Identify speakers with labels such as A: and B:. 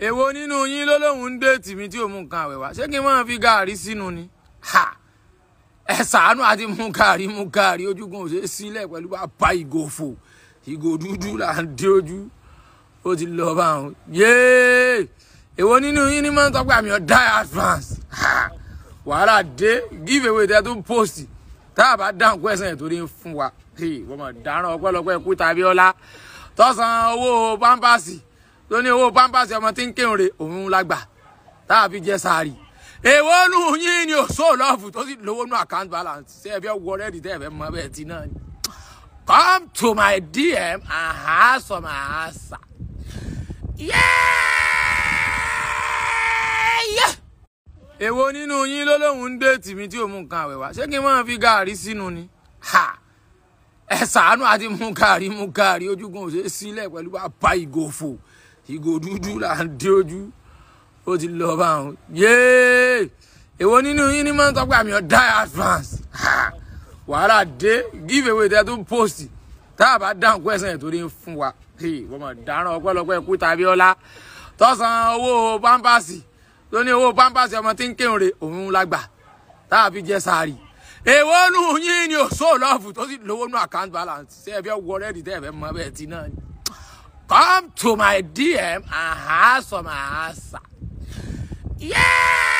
A: èwo nínú yín ló lóun ń déètì mi tí ò mú nǹkan àwẹ̀ wá ṣé kí n máa fi gàárì sínú ni ẹ ṣàánú àti mú gàárì mú gàárì ojúgun ò ṣe é sílẹ̀ pẹ̀lú bàbá ìgò fò ìgò dúdú là ń dé ojú ó ti lọ bá wọn yéé èwo nínú yín ni máa ń tọ́pẹ́ àmì ọ̀dá advance wàhálà dé give away tẹ́ tó post tá a bá dáhùn question ẹ̀ torí ń fún wa wọ́n mọ̀ dáràn ọpẹ́lọpẹ́ kú tàbí ọlá tọ́sán owó pampasì tó ní owó pampers ọmọ tí ń kírun rè òun la gbà táàbí jẹ sáárì èwo nù yín ni ò sóò tó sì lówó nù account balance ṣé ẹ fẹ́ wọ rẹ́ẹ̀dì tẹ́ ẹ fẹ́ mọ bẹ́ẹ̀ tí náà ni.
B: come to my DM and have some answer.
A: èwo nínú yín ló lóun ń déètì mi tí ò mú àwẹ̀ wá ṣé kí n máa fi gàárì sínú ni ẹ ṣàánú àti mú gàárì mú gàárì ojúgun ò ṣe sílẹ̀ pẹ̀lú bàbá ìgòfò ìgò dúdú là ń dé ojú ó ti lọ bá wọn yéé èwo nínú yín ni máa ń tọ́pẹ́ àmì ọ̀dá advance wàhálà dé give away tẹ́ tó ń post tá a bá dáhùn kwẹ́sàn ẹ̀ torí ń fún wa wọ́n mọ̀ dáràn ọpẹ́lọpẹ́ kú tàbí ọlá tọ́sán owó pampasì tó ní owó pampasì ọmọ tí ń kéwọn re òun lágbà tá a fi jẹ sáárì èwo nù yín ni ò sóòlọ́ọ̀fù tó sì lówó nù account balance ṣé ẹ fẹ́ wọ rẹ́ẹ̀dì tẹ́ ẹ fẹ́ mọ bẹ́ẹ̀ ti náà ni. Come to my DM and have some answer. Yeah!